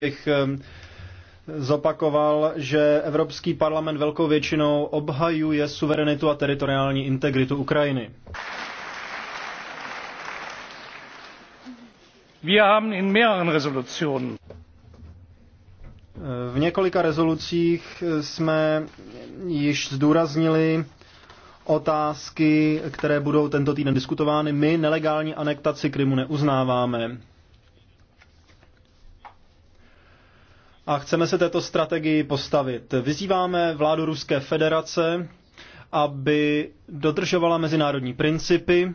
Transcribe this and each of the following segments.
bych ehm, zopakoval, že Evropský parlament velkou většinou obhajuje suverenitu a teritoriální integritu Ukrajiny. Wir haben in mehreren Resolutionen v několika rezolucích jsme již zdůraznili otázky, které budou tento týden diskutovány. My nelegální anektaci Krymu neuznáváme. a chceme se této strategii postavit. Vyzýváme vládu Ruské federace, aby dodržovala mezinárodní principy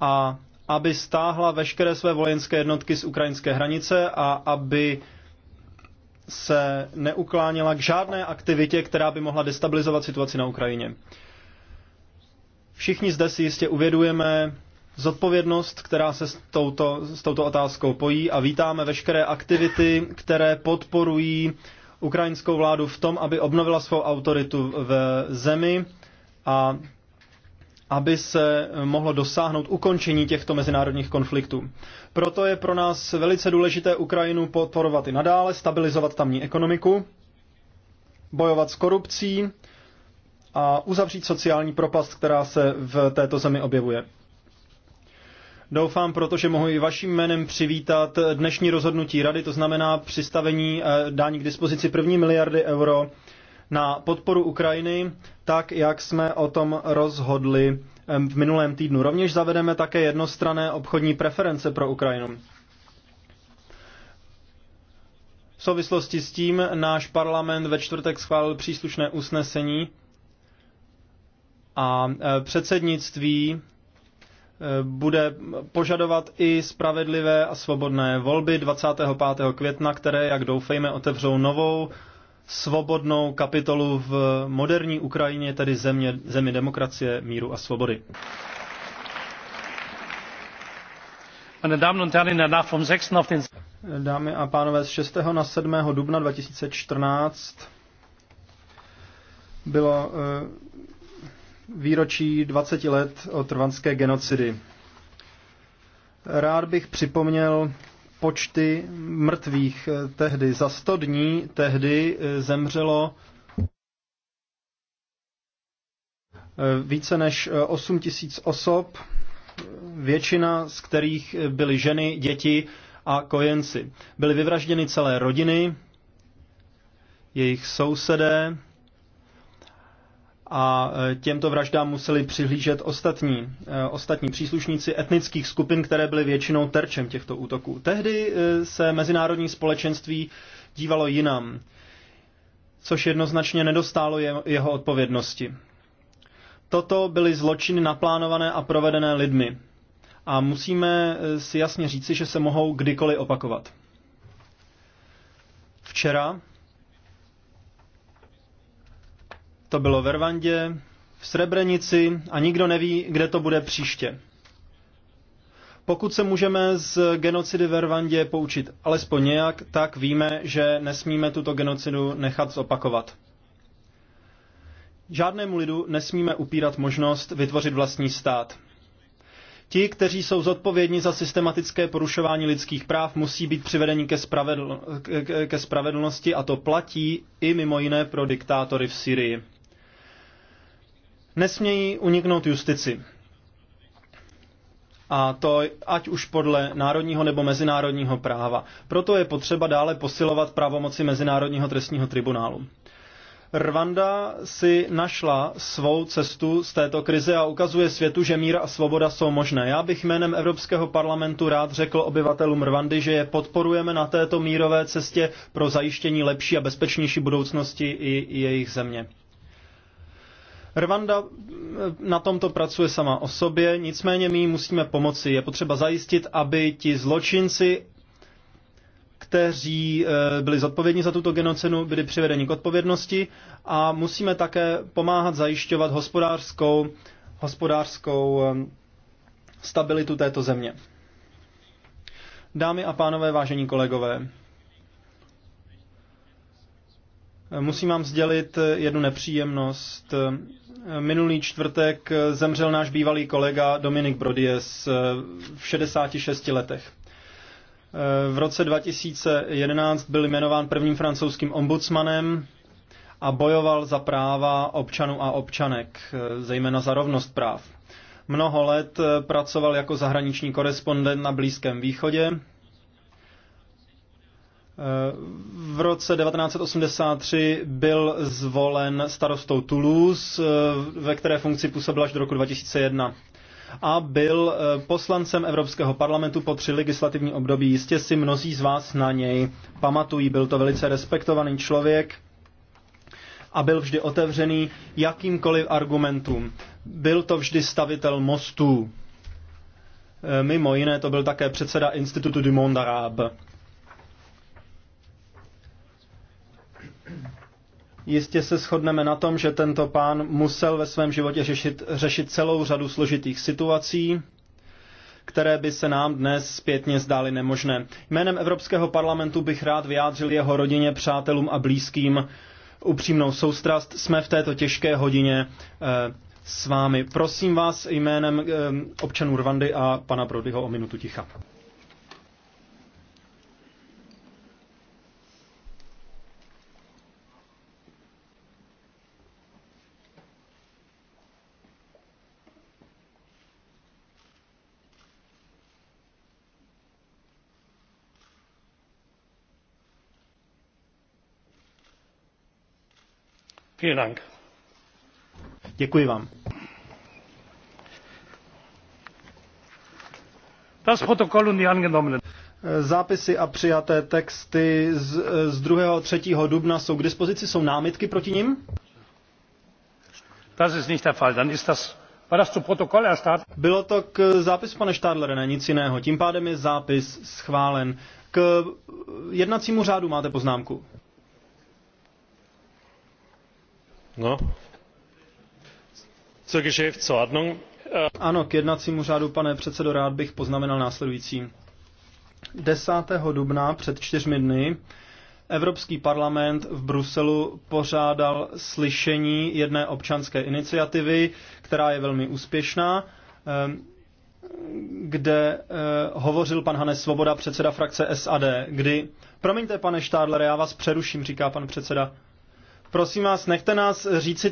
a aby stáhla veškeré své vojenské jednotky z ukrajinské hranice a aby se neuklánila k žádné aktivitě, která by mohla destabilizovat situaci na Ukrajině. Všichni zde si jistě uvědujeme, zodpovědnost, která se s touto, s touto otázkou pojí a vítáme veškeré aktivity, které podporují ukrajinskou vládu v tom, aby obnovila svou autoritu v zemi a aby se mohlo dosáhnout ukončení těchto mezinárodních konfliktů. Proto je pro nás velice důležité Ukrajinu podporovat i nadále, stabilizovat tamní ekonomiku, bojovat s korupcí a uzavřít sociální propast, která se v této zemi objevuje. Doufám proto, že mohu i vaším jménem přivítat dnešní rozhodnutí rady, to znamená přistavení eh, dání k dispozici první miliardy euro na podporu Ukrajiny, tak jak jsme o tom rozhodli v minulém týdnu. Rovněž zavedeme také jednostrané obchodní preference pro Ukrajinu. V souvislosti s tím náš parlament ve čtvrtek schválil příslušné usnesení a eh, předsednictví bude požadovat i spravedlivé a svobodné volby 25. května, které, jak doufejme, otevřou novou svobodnou kapitolu v moderní Ukrajině, tedy země, zemi demokracie, míru a svobody. Dámy a pánové, z 6. na 7. dubna 2014 bylo eh, výročí 20 let od trvanské genocidy. Rád bych připomněl počty mrtvých tehdy. Za 100 dní tehdy eh, zemřelo eh, více než 8 eh, tisíc osob, většina z kterých byly ženy, děti a kojenci. Byly vyvražděny celé rodiny, jejich sousedé, a e, těmto vraždám museli přihlížet ostatní, e, ostatní příslušníci etnických skupin, které byly většinou terčem těchto útoků. Tehdy e, se mezinárodní společenství dívalo jinam, což jednoznačně nedostálo jeho odpovědnosti. Toto byly zločiny naplánované a provedené lidmi. A musíme si jasně říci, že se mohou kdykoliv opakovat. Včera to bylo ve Rwandě, v Srebrenici a nikdo neví, kde to bude příště. Pokud se můžeme z genocidy ve Rwandě poučit alespoň nějak, tak víme, že nesmíme tuto genocidu nechat zopakovat. Žádnému lidu nesmíme upírat možnost vytvořit vlastní stát. Ti, kteří jsou zodpovědní za systematické porušování lidských práv, musí být přivedeni ke, spravedl- ke spravedlnosti a to platí i mimo jiné pro diktátory v Syrii nesmějí uniknout justici. A to ať už podle národního nebo mezinárodního práva. Proto je potřeba dále posilovat pravomoci Mezinárodního trestního tribunálu. Rwanda si našla svou cestu z této krize a ukazuje světu, že mír a svoboda jsou možné. Já bych jménem Evropského parlamentu rád řekl obyvatelům Rwandy, že je podporujeme na této mírové cestě pro zajištění lepší a bezpečnější budoucnosti i jejich země. Rwanda eh, na tomto pracuje sama o sobě, nicméně my musíme pomoci. Je potřeba zajistit, aby ti zločinci, kteří eh, byli zodpovědní za tuto genocenu, byli přivedeni k odpovědnosti a musíme také pomáhat zajišťovat hospodářskou, hospodářskou eh, stabilitu této země. Dámy a pánové, vážení kolegové, Musím vám sdělit jednu nepříjemnost. Minulý čtvrtek zemřel náš bývalý kolega Dominik Brodies v 66 letech. V roce 2011 byl jmenován prvním francouzským ombudsmanem a bojoval za práva občanů a občanek, zejména za rovnost práv. Mnoho let pracoval jako zahraniční korespondent na Blízkém východě, v roce 1983 byl zvolen starostou Toulouse, eh, ve které funkci působil až do roku 2001 a byl eh, poslancem Evropského parlamentu po tři legislativní období. Jistě si mnozí z vás na něj pamatují. Byl to velice respektovaný člověk a byl vždy otevřený jakýmkoliv argumentům. Byl to vždy stavitel mostů. Eh, mimo jiné to byl také předseda Institutu du Monde Arabe. Jistě se shodneme na tom, že tento pán musel ve svém životě řešit, řešit celou řadu složitých situací, které by se nám dnes zpětně zdály nemožné. Jménem Evropského parlamentu bych rád vyjádřil jeho rodině, přátelům a blízkým upřímnou soustrast. Jsme v této těžké hodině eh, s vámi. Prosím vás jménem eh, občanů Rwandy a pana Brodyho o minutu ticha. Děkuji vám. Zápisy a přijaté texty z, z 2. a 3. dubna jsou k dispozici, jsou námitky proti nim? Das ist nicht der Fall. Dann ist das, war das zu Protokoll, Herr Bylo to k zápisu, pane stadlere ne nic jiného. Tím pádem je zápis schválen. K jednacímu řádu máte poznámku. No. Ano, k jednacímu řádu, pane předsedo, rád bych poznamenal následující. 10. dubna před čtyřmi dny Evropský parlament v Bruselu pořádal slyšení jedné občanské iniciativy, která je velmi úspěšná, eh, kde eh, hovořil pan Hanes Svoboda, předseda frakce SAD, kdy... Promiňte, pane Štádlere, já vás přeruším, říká pan předseda. Prosím vás, nechte nás říci